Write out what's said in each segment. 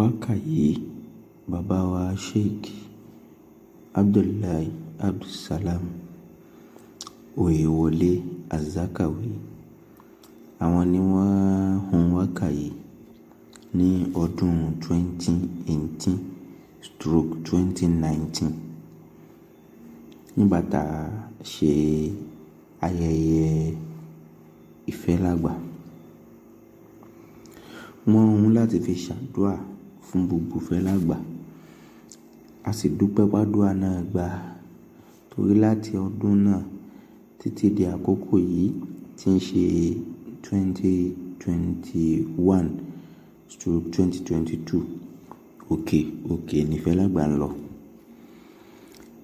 wákà yìí bàbá wa Sheikh abdullahi abdulsalam oyèwọlé azakawe àwọn ni wọ́n hun wákà yìí ní ọdún 2018 stroke 2019 nígbà tá a ṣe ayẹyẹ ìfẹ́ lágbà hun láti fi ṣàdúrà fún gbogbo fẹlágbà a sì dúpẹ́ pàdúà náà gbà torí láti ọdún náà títí di àkókò yìí tí ń ṣe twenty twenty one to twenty twenty two òkè òkè ní fẹlágbà ń lọ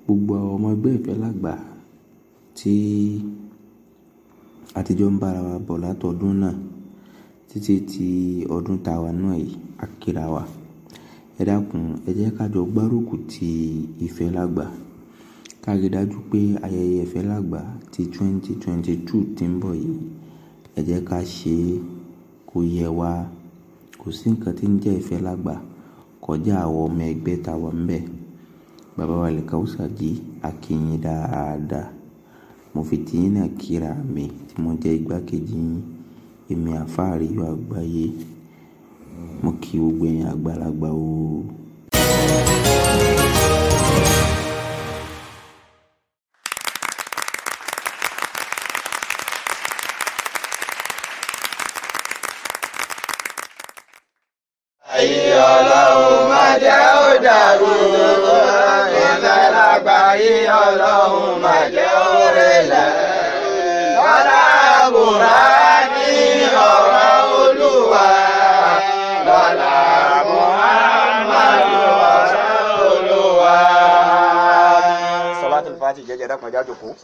gbogbo àwọn ọmọ ẹgbẹ́ ìfẹ́làgbà tí àtijọ́ ń bára wa bọ̀ látọdún náà títí ti ọdún tàwa náà yìí a wa. Ẹ dákun, ẹ jẹ́ ká jọ gbárùkù ti ìfẹ́ lágbà. Ká rí dájú pé ayẹyẹ ìfẹ́ lágbà ti 2022 tí ń bọ̀ yìí, ẹ jẹ́ ká ṣe kó yẹ wá. Kò sí ǹkan tí ń jẹ́ ìfẹ́ lágbà kọjá àwọn ọmọ ẹgbẹ́ ta wà níbẹ̀. Bàbá wa Alkaosaji, a kí yín dáadáa. Mo fi ti náà kí mi tí mo jẹ́ igbákejì yín. Èmi àfáàrí yóò àgbáyé mo kí gbogbo ẹ̀yin àgbàlagbà o. ayé ọlọ́run má jẹ́ ó dàrú ọ̀rọ̀ ìlànà ọlọ́run má jẹ́ ó. ẹ̀jẹ̀ dákun ẹ̀jẹ̀